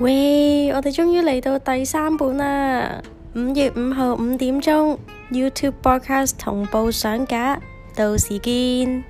喂，我哋終於嚟到第三本啦！五月五號五點鐘，YouTube podcast 同步上架，到時見。